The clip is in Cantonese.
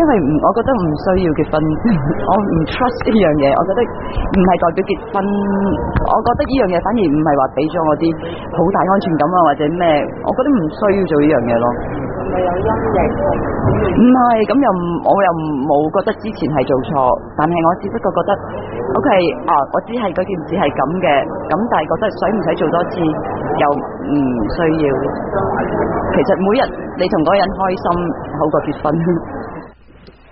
因為唔，我覺得唔需要結婚，我唔 trust 呢樣嘢，我覺得唔係代表結婚，我覺得呢樣嘢反而唔係話俾咗我啲好大安全感啊或者咩，我覺得唔需要做呢樣嘢咯。唔係有陰影，唔係，咁又我又冇覺得之前係做錯，但係我只不過覺得，OK，啊，我只係嗰件事係咁嘅，咁但係覺得使唔使做多次又唔需要。其實每日你同嗰個人開心好過結婚。